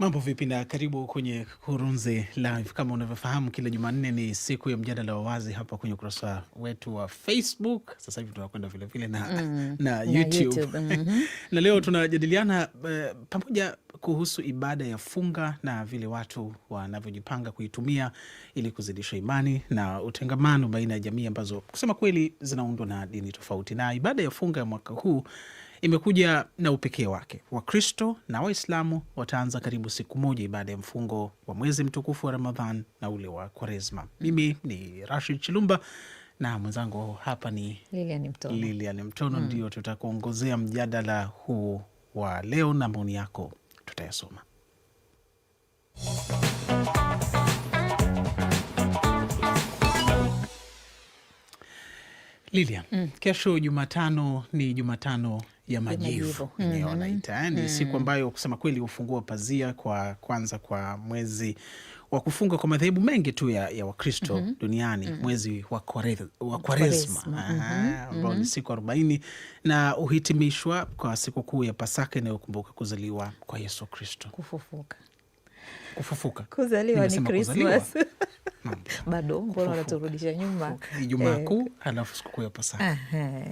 Mambo vipi na karibu kwenye Kurunzi Live. Kama unavyofahamu, kila Jumanne ni siku ya mjadala wa wazi hapa kwenye ukurasa wetu wa Facebook. Sasa hivi tunakwenda vilevile na, mm, na YouTube, na, YouTube. Mm -hmm. na leo tunajadiliana uh, pamoja kuhusu ibada ya funga na vile watu wanavyojipanga kuitumia ili kuzidisha imani na utengamano baina ya jamii ambazo kusema kweli zinaundwa na dini tofauti. Na ibada ya funga ya mwaka huu imekuja na upekee wake. Wakristo na Waislamu wataanza karibu siku moja baada ya mfungo wa mwezi mtukufu wa Ramadhan na ule wa Kwaresma. Mimi ni Rashid Chilumba na mwenzangu hapa ni Lilian Mtono. Lilian Mtono mm. Ndio tutakuongozea mjadala huu wa leo na maoni yako tutayasoma. Lilian, mm. Kesho Jumatano ni Jumatano ya majivu yenyewe wanaita mm -hmm. mm siku ambayo kusema kweli hufungua pazia kwa kwanza kwa mwezi wa kufunga kwa madhehebu mengi tu ya, ya Wakristo mm -hmm. duniani mm -hmm. mwezi wa Kwaresma mm-hmm. ambao ni mm-hmm. siku arobaini na huhitimishwa kwa sikukuu ya Pasaka inayokumbuka kuzaliwa kwa Yesu Kristo, kufufuka, kufufuka, kuzaliwa ni bado mbona wanaturudisha nyuma? Ijumaa okay, eh. Kuu alafu sikukuu ya Pasaka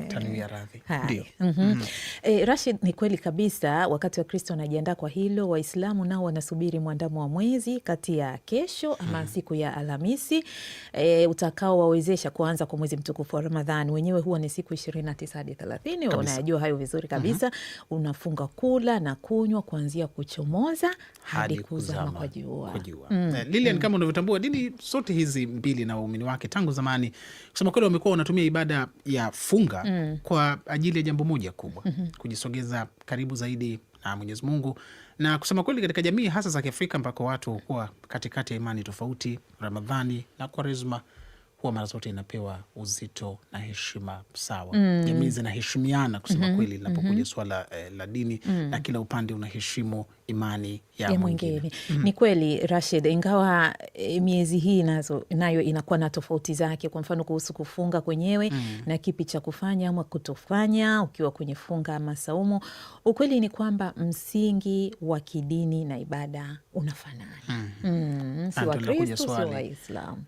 tanuia radhi. Ndio mm -hmm. mm. E, Rashid, ni kweli kabisa. Wakati wa Kristo wanajiandaa kwa hilo, Waislamu nao wanasubiri mwandamo wa mwezi kati ya kesho ama mm. siku ya Alhamisi e, utakaowawezesha kuanza kwa mwezi mtukufu wa Ramadhani. Wenyewe huwa ni siku ishirini na tisa hadi thelathini. Unayajua hayo vizuri mhm. kabisa mm -hmm. Unafunga kula na kunywa kuanzia kuchomoza hadi hadi kuzama kwa jua. mm. Lilian, mm. kama unavyotambua dini so zote hizi mbili na waumini wake tangu zamani, kusema kweli, wamekuwa wanatumia ibada ya funga mm. kwa ajili ya jambo moja kubwa mm -hmm. kujisogeza karibu zaidi na Mwenyezi Mungu na kusema kweli, katika jamii hasa za Kiafrika ambako watu hukuwa katikati ya imani tofauti, Ramadhani na Kwaresma huwa mara zote inapewa uzito na heshima sawa. mm. Jamii zinaheshimiana kusema mm -hmm. kweli linapokuja mm -hmm. swala eh, la dini mm na kila upande unaheshimu imani ya, ya mwingine mm Ni kweli Rashid, ingawa e, miezi hii nazo nayo inakuwa na tofauti zake, kwa mfano kuhusu kufunga kwenyewe mm na kipi cha kufanya ama kutofanya ukiwa kwenye funga ama saumu. Ukweli ni kwamba msingi wa kidini na ibada unafanana mm mm si Wakristo si Waislamu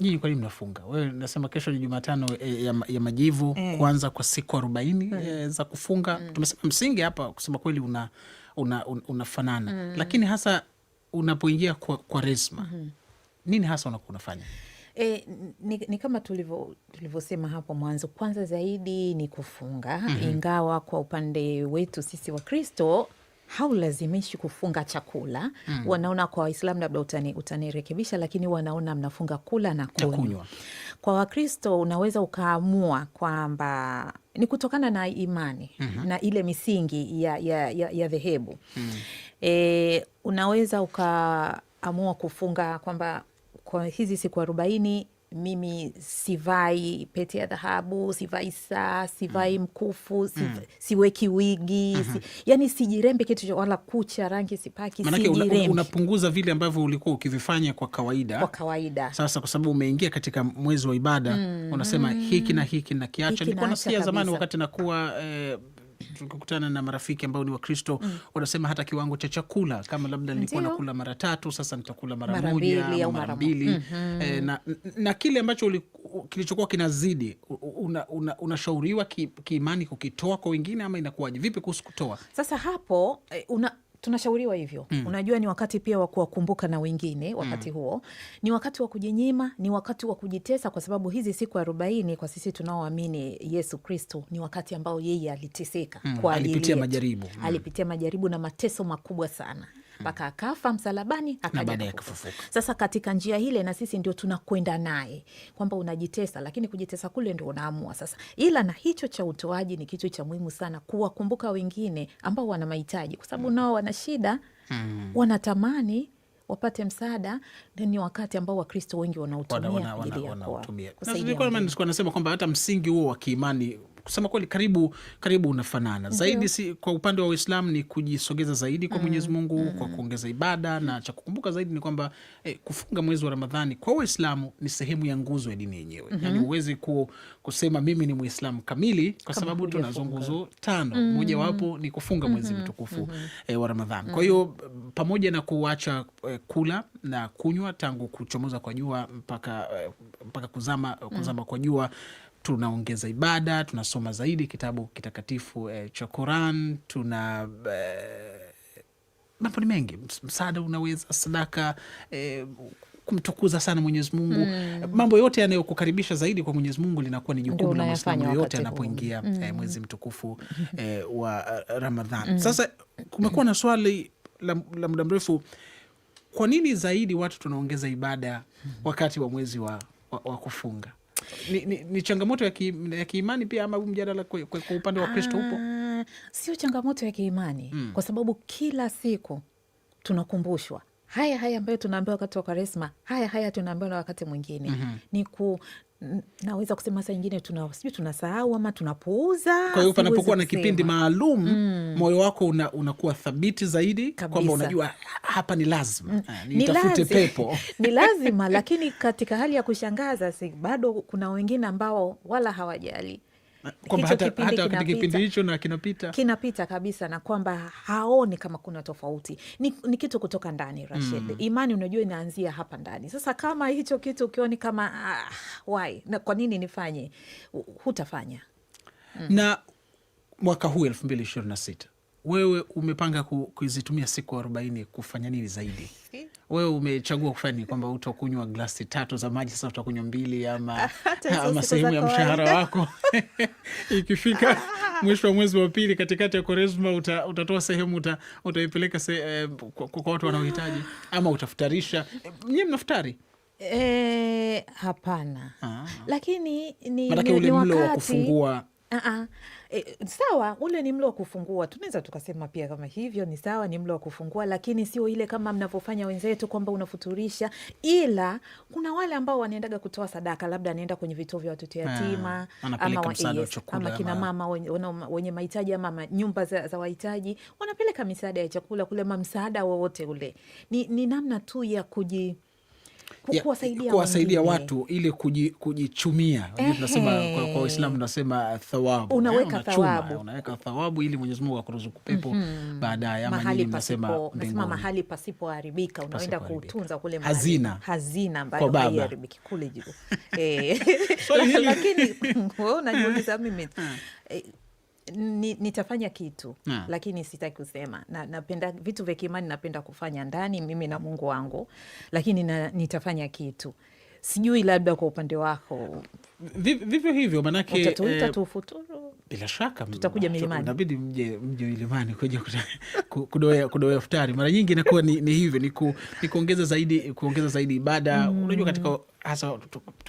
Nyinyi kwa nini mnafunga? Wewe nasema kesho ni Jumatano e, ya, ya majivu e. Mm. Kwanza kwa siku arobaini mm. e, za kufunga mm. Tumesema msingi hapa kusema kweli una, una, una, unafanana mm. Lakini hasa unapoingia kwa, kwa resma mm. nini hasa unakuwa unafanya? E, ni, ni kama tulivyosema hapo mwanzo, kwanza zaidi ni kufunga mm -hmm. Ingawa kwa upande wetu sisi wa kristo haulazimishi kufunga chakula mm. Wanaona kwa Waislamu labda utani, utanirekebisha, lakini wanaona mnafunga kula na kunywa. Kwa Wakristo unaweza ukaamua kwamba ni kutokana na imani mm -hmm. na ile misingi ya, ya, ya, ya dhehebu mm. E, unaweza ukaamua kufunga kwamba kwa hizi siku arobaini mimi sivai pete ya dhahabu, sivai saa, sivai mm. mkufu, mm. siv, mm. siweki wigi uh mm-hmm. -huh. si, yani sijirembe kitu wala kucha rangi sipaki, manake sijirembe. Unapunguza una vile ambavyo ulikuwa ukivifanya kwa kawaida, kwa kawaida. Sasa kwa sababu umeingia katika mwezi wa ibada mm. unasema hiki na hiki na kiacha. Nilikuwa nasikia zamani wakati nakuwa eh, tulikokutana na marafiki ambao ni Wakristo mm. wanasema hata kiwango cha chakula kama labda nilikuwa nakula mara tatu, sasa nitakula mara moja au mara mbili mm -hmm. E, na, na kile ambacho kilichokuwa kinazidi unashauriwa una, una kiimani kukitoa kwa wengine ama inakuwaje? Vipi kuhusu kutoa sasa hapo eh, una tunashauriwa hivyo mm. Unajua, ni wakati pia wa kuwakumbuka na wengine wakati mm. huo ni wakati wa kujinyima, ni wakati wa kujitesa, kwa sababu hizi siku arobaini kwa sisi tunaoamini Yesu Kristo ni wakati ambao yeye aliteseka mm. kwa ajili yetu, alipitia majaribu mm. alipitia majaribu na mateso makubwa sana mpaka akafa msalabani, akafufuka. Sasa katika njia ile, na sisi ndio tunakwenda naye kwamba unajitesa, lakini kujitesa kule ndio unaamua sasa. Ila na hicho cha utoaji ni kitu cha muhimu sana, kuwakumbuka wengine ambao wana mahitaji, kwa sababu mm. nao wana shida, mm. wanatamani wapate msaada. Ni wakati ambao Wakristo wengi wanautumia kusaidia. Nasema kwamba hata msingi huo wa kiimani kusema kweli karibu karibu unafanana zaidi si, kwa upande wa uislam ni kujisogeza zaidi kwa Mwenyezi mm. Mungu mm, mm, kwa kuongeza ibada na cha kukumbuka zaidi ni kwamba eh, kufunga mwezi wa Ramadhani kwa Waislamu ni sehemu ya nguzo ya dini yenyewe mm -hmm. Yani huwezi ku, kusema mimi ni Muislamu kamili kwa Kama sababu tuna nguzo tano mm, mojawapo ni kufunga mwezi mm-hmm. mtukufu mm -hmm. eh, wa Ramadhani mm -hmm. Kwa hiyo pamoja na kuacha eh, kula na kunywa tangu kuchomoza kwa jua mpaka, eh, mpaka kuzama, kuzama mm -hmm. kwa jua tunaongeza ibada, tunasoma zaidi kitabu kitakatifu eh, cha Quran, tuna eh, mambo ni mengi, msaada unaweza sadaka eh, kumtukuza sana Mwenyezi Mungu mm. Mambo yote yanayokukaribisha zaidi kwa Mwenyezi Mungu linakuwa ni jukumu la Mwislamu yoyote anapoingia eh, mm. eh, mwezi mtukufu eh, wa eh, Ramadhan mm. Sasa kumekuwa na swali la, la muda mrefu, kwa nini zaidi watu tunaongeza ibada mm. wakati wa mwezi wa, wa, wa kufunga ni, ni, ni changamoto ya, ki, ya kiimani pia ama mjadala kwa, upande wa Kristo upo? Ah, sio changamoto ya kiimani mm. Kwa sababu kila siku tunakumbushwa haya haya ambayo tunaambiwa wakati wa Kwaresma, haya haya tunaambiwa na wakati mwingine mm -hmm. ni, ku, naweza kusema saa nyingine tuna sijui tunasahau ama tunapuuza. Kwa hiyo panapokuwa na kipindi maalum mm. moyo wako una, unakuwa thabiti zaidi kwamba unajua hapa ni lazima mm. eh, nitafute pepo ni lazima lakini katika hali ya kushangaza si, bado kuna wengine ambao wala hawajali hata, hata kipindi hicho na kinapita kinapita kabisa, na kwamba haoni kama kuna tofauti. Ni, ni kitu kutoka ndani Rashid. Mm. Imani unajua inaanzia hapa ndani. Sasa kama hicho kitu ukioni kama ah, why na kwa nini nifanye, hutafanya mm. Na mwaka huu elfu mbili ishirini na sita wewe umepanga kuzitumia siku arobaini kufanya nini zaidi? wewe umechagua kufanya ni kwamba utakunywa glasi tatu za maji, sasa utakunywa mbili ama, ama sehemu ya mshahara wako ikifika mwisho wa mwezi wa pili katikati ya koresma uta, utatoa sehemu uta, utaipeleka se, eh, kwa, kwa watu wanaohitaji ama utafutarisha. Nyie mnafutari? E, hapana. Aa, ah. lakini ni, ni, ni wakati wa kufungua Uh-uh. e, sawa, ule ni mlo wa kufungua, tunaweza tukasema pia kama hivyo ni sawa, ni mlo wa kufungua, lakini sio ile kama mnavyofanya wenzetu kwamba unafuturisha, ila kuna wale ambao wanaendaga kutoa sadaka, labda anaenda kwenye vituo vya watoto yatima ah, ama, wa, yes, ama kina mama wenye, wenye mahitaji ama nyumba za, za wahitaji wanapeleka misaada ya chakula kule, ma msaada wowote ule ni, ni namna tu ya kuji kuwasaidia watu ili kujichumia. Tunasema kwa Uislamu tunasema thawabu, unaweka yaani thawabu, unaweka thawabu ili Mwenyezi Mungu akuruzuku pepo mhm. baadaye, ama nini, tunasema mahali pasipoharibika, unaenda kutunza kule hazina, hazina ambayo haiharibiki kule eh. Lakini unajiuliza mimi hmm. eh, nitafanya kitu na, Lakini sitaki kusema na, napenda vitu vya kiimani, napenda kufanya ndani mimi na Mungu wangu, lakini na, nitafanya kitu sijui labda kwa upande wako vivyo hivyo, manake utatuita eh, futuru, bila shaka tutakuja milimani, inabidi mje mje milimani kuja kudoea kudoea futari. Mara nyingi inakuwa ni, ni hivyo ni, ku, ni kuongeza zaidi kuongeza zaidi ibada mm. Unajua katika hasa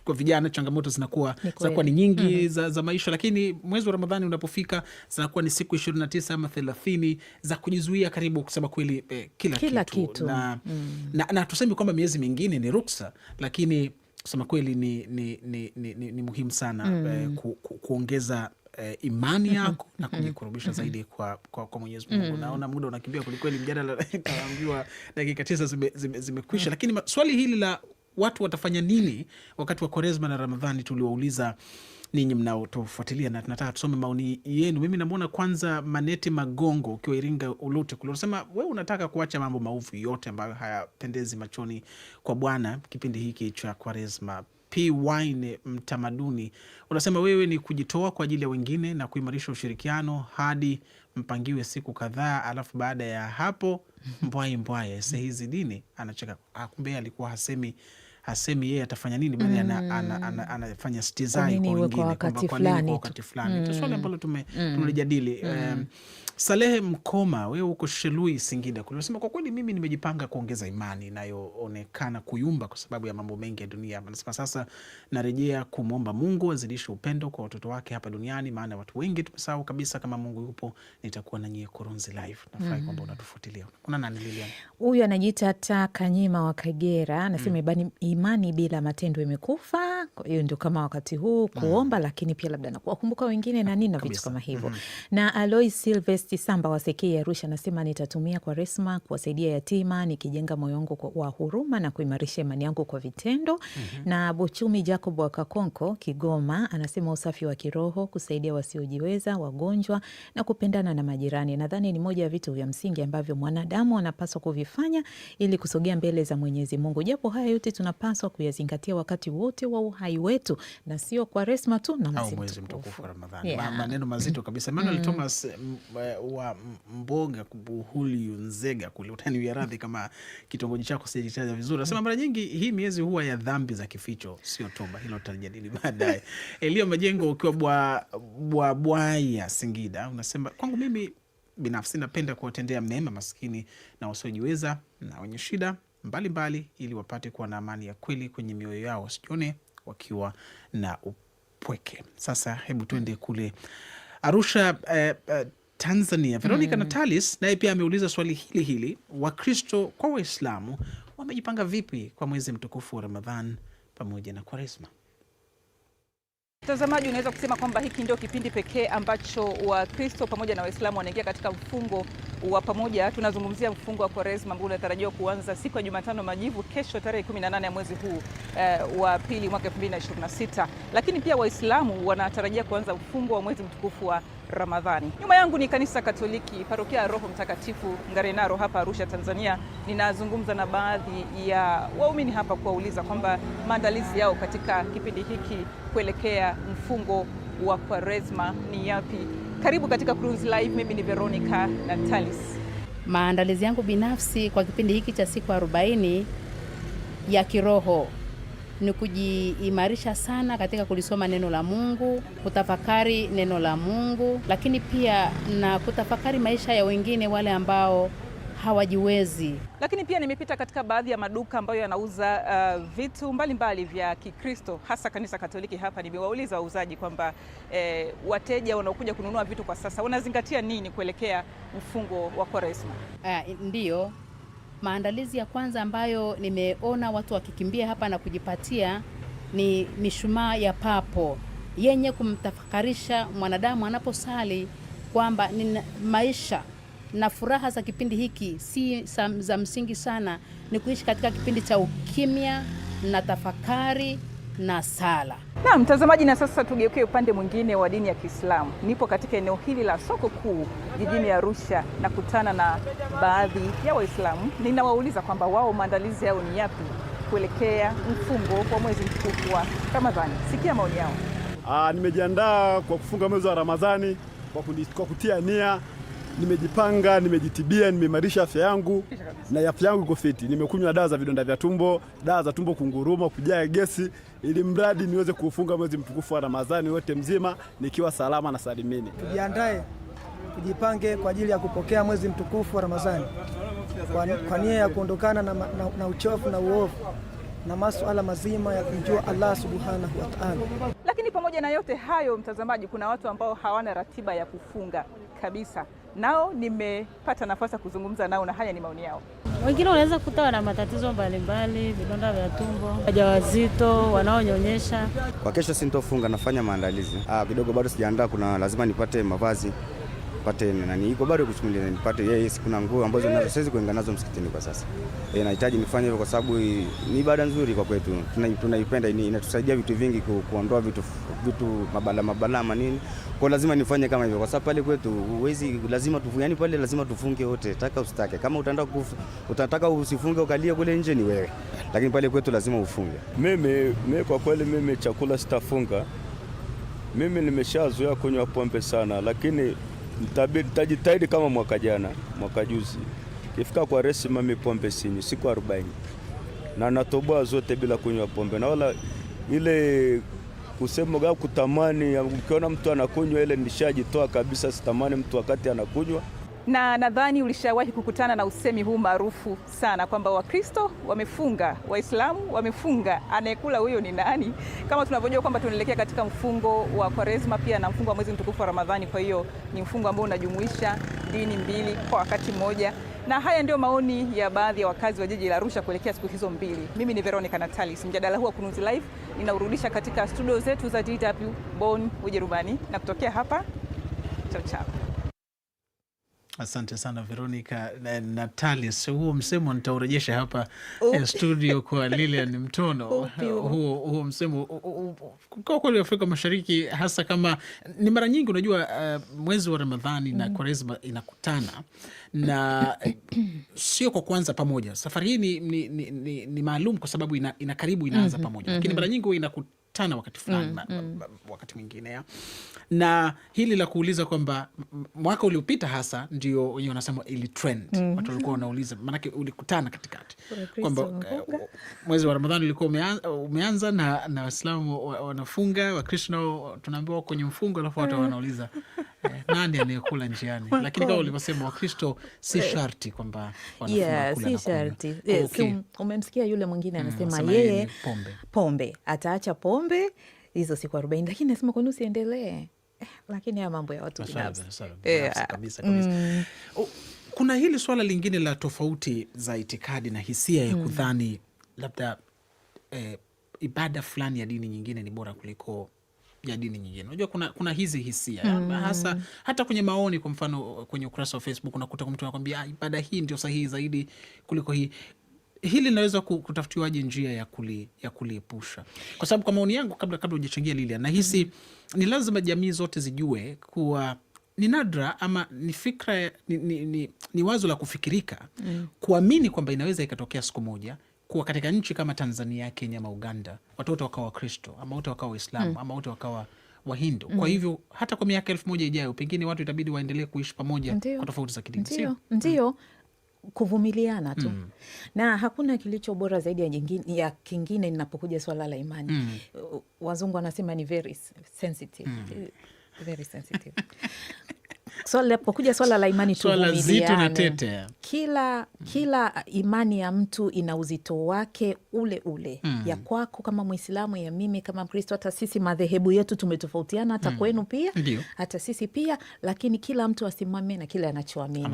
kwa vijana changamoto zinakuwa zinakuwa ni nyingi mm -hmm. za, za maisha, lakini mwezi wa Ramadhani unapofika zinakuwa ni siku ishirini na tisa ama thelathini za kujizuia karibu kusema kweli eh, kila, kila kitu, kitu. Na, mm. na, na tusemi kwamba miezi mingine ni ruksa, lakini kusema kweli ni, ni, ni, ni, ni, ni muhimu sana mm. eh, ku, ku, kuongeza E, imani mm-hmm. yako na mm-hmm. kujikurubisha mm-hmm. zaidi kwa, kwa, kwa Mwenyezi Mungu. Mm. Naona muda unakimbia kwelikweli, mjadala kaambiwa dakika tisa zimekwisha, zime, zime mm. lakini swali hili la watu watafanya nini wakati wa Kwaresma na Ramadhani? Tuliwauliza ninyi mnaotofuatilia, na tunataka tusome maoni yenu. Mimi namwona kwanza Maneti Magongo ukiwa Iringa Ulute kule, unasema wewe unataka kuacha mambo maovu yote ambayo hayapendezi machoni kwa Bwana kipindi hiki cha Kwaresma. P Wine mtamaduni unasema wewe ni kujitoa kwa ajili ya wengine na kuimarisha ushirikiano hadi mpangiwe siku kadhaa, alafu baada ya hapo mbwai mbwai, hizi dini anacheka. Ah, kumbe alikuwa hasemi asemi yeye atafanya nini, bali mm. anafanya stizai kwa wengine, wakati fulani, swali mm. ambalo um, Salehe Mkoma, wewe uko Shelui Singida kule, unasema kwa kweli mimi nimejipanga kuongeza imani inayoonekana kuyumba kwa sababu ya mambo mengi ya dunia. Anasema sasa narejea kumwomba Mungu azidishe upendo kwa watoto wake hapa duniani, maana watu wengi tumesahau kabisa kama Mungu yupo. Nitakuwa na nyie Kurunzi Live. Nafurahi mm. kwamba mm-hmm. unatufuatilia. Kuna nani Lilian? Huyu anajiita Takanyima wa Kagera, anasema mm. imani bila matendo imekufa. Hiyo ndio kama wakati huu kuomba mm. lakini pia labda nakuwakumbuka wengine na nini na vitu kama hivyo mm. na Alois Silvest Ernest Samba wa Sekei Arusha anasema nitatumia Kwaresma kuwasaidia yatima nikijenga moyo wangu wa huruma na kuimarisha imani yangu kwa vitendo. mm -hmm. Na Bochumi Jacob wa Kakonko Kigoma anasema usafi wa kiroho, kusaidia wasiojiweza, wagonjwa na kupendana na majirani, nadhani ni moja ya vitu vya msingi ambavyo mwanadamu anapaswa kuvifanya ili kusogea mbele za Mwenyezi Mungu, japo haya yote tunapaswa kuyazingatia wakati wote wa uhai wetu na sio Kwaresma tu na mwezi mtukufu Ramadhani. Maneno mazito kabisa Emmanuel mm. Thomas mm, wa Mboga Buhuli Nzega kule utani radhi kama kitongoji chako sijajitaja vizuri, nasema mara nyingi hii miezi huwa ya dhambi za kificho, sio toba. Hilo tutajadili baadaye. Elio Majengo ukiwa bwa bwa Bwaya Singida unasema kwangu mimi binafsi napenda kuwatendea mema maskini na wasiojiweza na wenye shida mbalimbali, ili wapate kuwa na amani ya kweli kwenye mioyo yao, wasijione wakiwa na upweke. Sasa hebu tuende kule Arusha eh, eh, Tanzania. Veronica mm. Natalis naye pia ameuliza swali hili hili, Wakristo kwa Waislamu wamejipanga vipi kwa mwezi mtukufu wa Ramadhan pamoja na Kwaresma? Mtazamaji, unaweza kusema kwamba hiki ndio kipindi pekee ambacho Wakristo pamoja na Waislamu wanaingia katika mfungo wa pamoja. Tunazungumzia mfungo wa Kwaresma ambao unatarajiwa kuanza siku ya Jumatano majivu, kesho, tarehe 18 ya mwezi huu eh, wa pili mwaka 2026, lakini pia Waislamu wanatarajia kuanza mfungo wa mwezi mtukufu wa Ramadhani. Nyuma yangu ni kanisa Katoliki parokia ya Roho Mtakatifu Ngarenaro hapa Arusha, Tanzania. Ninazungumza na baadhi ya waumini hapa kuwauliza kwamba maandalizi yao katika kipindi hiki kuelekea mfungo wa Kwaresma ni yapi? Karibu katika Cruise Live. Mimi ni Veronica Natalis. Maandalizi yangu binafsi kwa kipindi hiki cha siku 40 ya kiroho ni kujiimarisha sana katika kulisoma neno la Mungu, kutafakari neno la Mungu, lakini pia na kutafakari maisha ya wengine wale ambao hawajiwezi. Lakini pia nimepita katika baadhi ya maduka ambayo yanauza uh, vitu mbalimbali mbali vya Kikristo hasa kanisa Katoliki hapa. Nimewauliza wauzaji kwamba eh, wateja wanaokuja kununua vitu kwa sasa wanazingatia nini kuelekea mfungo wa Kwaresma? Uh, ah, ndiyo Maandalizi ya kwanza ambayo nimeona watu wakikimbia hapa na kujipatia ni mishumaa ya papo yenye kumtafakarisha mwanadamu anaposali kwamba ni maisha na furaha za kipindi hiki si za msingi sana, ni kuishi katika kipindi cha ukimya na tafakari na sala. Na mtazamaji, na sasa tugeukie upande mwingine wa dini ya Kiislamu. Nipo katika eneo hili la soko kuu jijini Arusha na kutana na baadhi ya Waislamu. Ninawauliza kwamba wao maandalizi yao ni yapi kuelekea mfungo wa mwezi mtukufu wa Ramadhani. Sikia maoni yao. Ah, nimejiandaa kwa kufunga mwezi wa Ramadhani kwa kutia nia nimejipanga, nimejitibia, nimeimarisha afya yangu na afya yangu iko fiti. Nimekunywa dawa za vidonda vya tumbo, dawa za tumbo kunguruma, kujaa gesi, ili mradi niweze kuufunga mwezi mtukufu wa Ramadhani wote mzima nikiwa salama na salimini. Tujiandae, tujipange kwa ajili ya kupokea mwezi mtukufu wa Ramadhani kwa, kwa nia ya kuondokana na, na, na uchofu na uovu na masuala mazima ya kumjua Allah subhanahu wa ta'ala. Lakini pamoja na yote hayo, mtazamaji, kuna watu ambao hawana ratiba ya kufunga kabisa nao nimepata nafasi ya kuzungumza nao na haya ni maoni yao. Wengine wanaweza kukuta wana matatizo mbalimbali, vidonda vya tumbo, wajawazito, wanaonyonyesha. Kwa kesho sintofunga, nafanya maandalizi. Ah, kidogo bado sijaandaa, kuna lazima nipate mavazi pate nani iko bado kuchumulia nipate yeye yes, kuna nguo ambazo nazo siwezi kuingia nazo msikitini kwa sasa. E, nahitaji nifanye hivyo kwa sababu ni ibada nzuri kwa kwetu, tunaipenda, tuna, inatusaidia vitu vingi ku, kuondoa vitu, vitu mabala mabalama nini kwa lazima nifanye kama hivyo kwa sababu pale kwetu huwezi, lazima tufu, yani pale lazima tufunge wote, taka usitake. Kama utataka utataka usifunge ukalie kule nje ni wewe, lakini pale kwetu lazima ufunge. Mimi mimi kwa kweli mimi chakula sitafunga, mimi nimeshazoea kunywa pombe sana, lakini nitajitahidi kama mwaka jana, mwaka juzi, kifika kwa resi mami pombe sinywi siku 40 na natoboa zote bila kunywa pombe, na wala ile kusema au kutamani, ukiona mtu anakunywa ile nishajitoa kabisa, sitamani mtu wakati anakunywa na nadhani ulishawahi kukutana na usemi huu maarufu sana kwamba Wakristo wamefunga, Waislamu wamefunga, anayekula huyo ni nani? Kama tunavyojua kwamba tunaelekea katika mfungo wa Kwaresma pia na mfungo wa mwezi mtukufu wa Ramadhani. Kwa hiyo ni mfungo ambao unajumuisha dini mbili kwa wakati mmoja, na haya ndio maoni ya baadhi ya wakazi wa jiji la Arusha kuelekea siku hizo mbili. Mimi ni Veronica Natalis. Mjadala huu wa Kunuzi Live ninaurudisha katika studio zetu za DW Bonn, Ujerumani, na kutokea hapa chao chao. Asante sana Veronica eh, Natalis, huo msemo nitaurejesha hapa eh, studio kwa Lilian Mtono. Huo, huo msemo kwa kweli Afrika Mashariki hasa kama ni mara nyingi unajua, uh, mwezi wa Ramadhani mm. na Kwaresma inakutana na eh, sio kwa kwanza pamoja. Safari hii ni, ni, ni, ni, ni maalum kwa sababu ina, ina karibu inaanza mm-hmm. pamoja, lakini mm-hmm. mara nyingi huwa inakutana sana wakati mm, fulani mm, mm. wakati mwingine na hili la kuuliza kwamba mwaka uliopita hasa ndio wenye wanasema ili trend mm -hmm. watu walikuwa wanauliza, maanake ulikutana katikati kwamba eh, mwezi wa Ramadhani ulikuwa umeanza, na, na Waislamu wanafunga, Wakristo tunaambiwa wako kwenye mfungo, alafu watu mm. wanauliza eh, nani anayekula njiani? Lakini kama ulivyosema, Wakristo si eh. sharti kwamba yeah, si sharti yes, okay. Um, umemsikia yule mwingine mm, anasema mm, yeye pombe, pombe ataacha pombe pombe hizo siku arobaini, lakini nasema kwani usiendelee eh, lakini haya mambo ya watu binafsi eh, ah, kabisa kabisa. Mm. Oh, kuna hili swala lingine la tofauti za itikadi na hisia ya mm. kudhani labda eh, ibada fulani ya dini nyingine ni bora kuliko ya dini nyingine. Unajua kuna, kuna hizi hisia mm. hasa hata kwenye maoni, kwa mfano kwenye ukurasa wa Facebook unakuta mtu anakwambia ah, ibada hii ndio sahihi zaidi kuliko hii hili linaweza kutafutiwaje njia ya kuli, ya kuliepusha? Kwa sababu kwa maoni yangu, kabla kabla hujachangia Lilia, nahisi mm-hmm. ni lazima jamii zote zijue kuwa ni nadra ama ni fikra ni, ni, ni, ni wazo la kufikirika mm. kuamini kwamba inaweza ikatokea siku moja kuwa katika nchi kama Tanzania, Kenya ama Uganda watoto wakawa Wakristo ama wote wakawa Waislamu mm. ama wote wakawa Wahindu mm. Kwa hivyo hata kwa miaka elfu moja ijayo pengine watu itabidi waendelee kuishi pamoja kwa tofauti za kidini, ndio kuvumiliana tu mm. na hakuna kilicho bora zaidi ya, jingine, ya kingine inapokuja swala la imani mm. Wazungu wanasema ni very sensitive. Mm. Very sensitive so, swala la imani tuvumiliane. Kila, hmm. kila imani ya mtu ina uzito wake ule ule mm. ya kwako kama Mwislamu, ya mimi kama Mkristo. Hata sisi madhehebu yetu tumetofautiana, hata mm. kwenu pia Ndiyo. hata sisi pia, lakini kila mtu asimame na kile anachoamini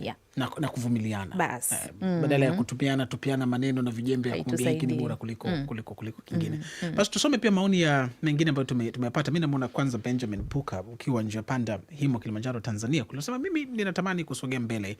yeah. na, na kuvumiliana basi eh, mm. badala ya kutupiana tupiana maneno na vijembe ya kuambia hiki ni bora kuliko, mm. kuliko, kuliko kingine mm. mm. basi tusome pia maoni ya mengine ambayo tumeyapata. Mi namwona kwanza Benjamin Puka ukiwa njia panda himo Kilimanjaro Kilimanjaro, Tanzania, kulisema mimi ninatamani kusogea mbele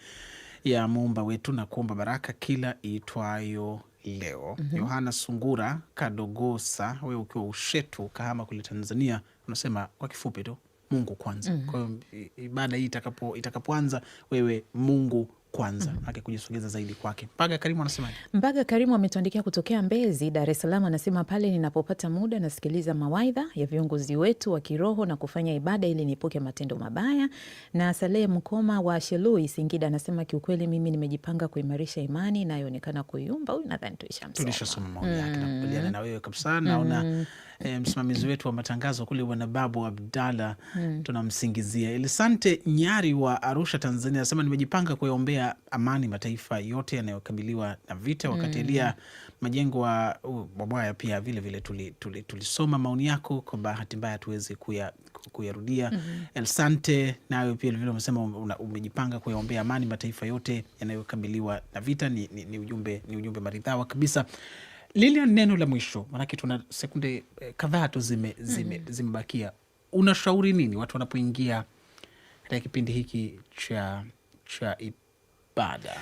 ya muumba wetu na kuomba baraka kila itwayo leo. mm -hmm. Yohana Sungura Kadogosa, wewe ukiwa Ushetu, Kahama kule Tanzania, unasema kwa kifupi tu Mungu kwanza. mm -hmm. Kwa hiyo ibada hii itakapo itakapoanza, wewe Mungu kwanza mm -hmm. kujisogeza zaidi kwake. Mbaga Karimu anasema, Mbaga Karimu ametuandikia kutokea Mbezi, Dar es Salaam, anasema pale ninapopata muda nasikiliza mawaidha ya viongozi wetu wa kiroho na kufanya ibada ili niepuke matendo mabaya. Na Salehe Mkoma wa Shelui, Singida, anasema kiukweli, mimi nimejipanga kuimarisha imani inayoonekana kuyumba. Huyu nadhani tulishamsoma, maoni yake, nakubaliana na wewe kabisa, naona mm e, msimamizi wetu wa matangazo kule Bwana Babu Abdalla mm. tunamsingizia. Elisante Nyari wa Arusha, Tanzania anasema nimejipanga kuyaombea amani mataifa yote yanayokabiliwa na vita. Hmm. Wakati Elia mm. Majengo wa Wabwaya pia vilevile tulisoma tuli, tuli maoni yako kwa bahati mbaya hatuwezi kuya kuyarudia mm -hmm. Elsante nayo pia vilevile umesema umejipanga kuyaombea amani mataifa yote yanayokabiliwa na vita. Ni, ni, ni ujumbe, ni ujumbe maridhawa kabisa lile neno la mwisho, maanake tuna sekunde eh, kadhaa tu mm-hmm. zimebakia zime, mm zime unashauri nini watu wanapoingia katika kipindi hiki cha, cha ibada?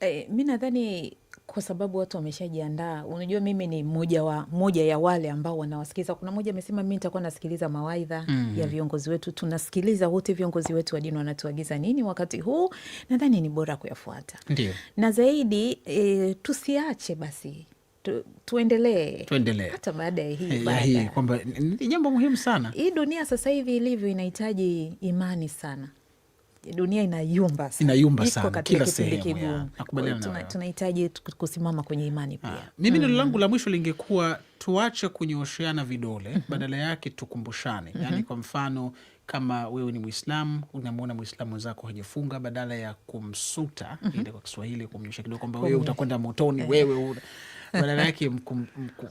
Eh, mi nadhani kwa sababu watu wameshajiandaa. Unajua, mimi ni moja wa moja ya wale ambao wanawasikiliza. Kuna moja amesema mi nitakuwa nasikiliza mawaidha mm. ya mm-hmm. viongozi wetu. Tunasikiliza wote viongozi wetu wa dini wanatuagiza nini wakati huu, nadhani ni bora kuyafuata. Ndiyo. na zaidi e, tusiache basi tu, tuendelee tuendelee hata baada ya hii eh, ya hii kwamba ni jambo muhimu sana. Hii dunia sasa hivi ilivyo inahitaji imani sana, dunia inayumba sana, inayumba sana katika kipindi kigumu. Tunahitaji kusimama kwenye imani ah, pia. Mimi neno mm. langu la mwisho lingekuwa tuache kunyoosheana vidole mhm. badala yake tukumbushane. Mhm. Yani mm -hmm. kwa mfano kama wewe ni Mwislamu unamwona Mwislamu mwenzako hajafunga, badala ya kumsuta mm -hmm. ile kwa Kiswahili kumnyosha kidogo kwamba wewe utakwenda motoni, wewe eh badala yake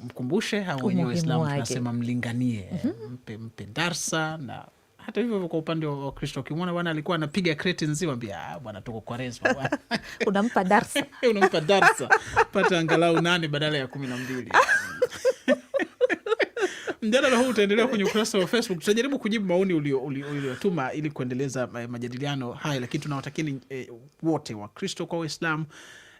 mkumbushe au wenye Waislamu tunasema mlinganie, mm -hmm. mpe, mpe darsa na hata hivyo kwa upande wa Wakristo ukimwona bwana alikuwa anapiga kreti nzima, ambia ah, bwana, tuko Kwaresma unampa darsa unampa darsa, pata angalau nane badala ya kumi na mbili. Mjadala huu utaendelea kwenye ukurasa wa Facebook. Tutajaribu kujibu maoni uliotuma ili kuendeleza eh, majadiliano haya, lakini tunawatakini eh, wote Wakristo kwa Waislamu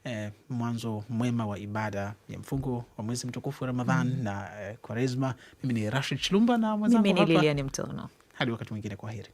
eh, mwanzo mwema wa ibada ya mfungo wa mwezi mtukufu Ramadhan mm. na eh, Kwaresma. Mimi ni Rashid Chilumba na mwenzangu hapa. Mimi ni Lilian Mtono. Hadi wakati mwingine, kwa heri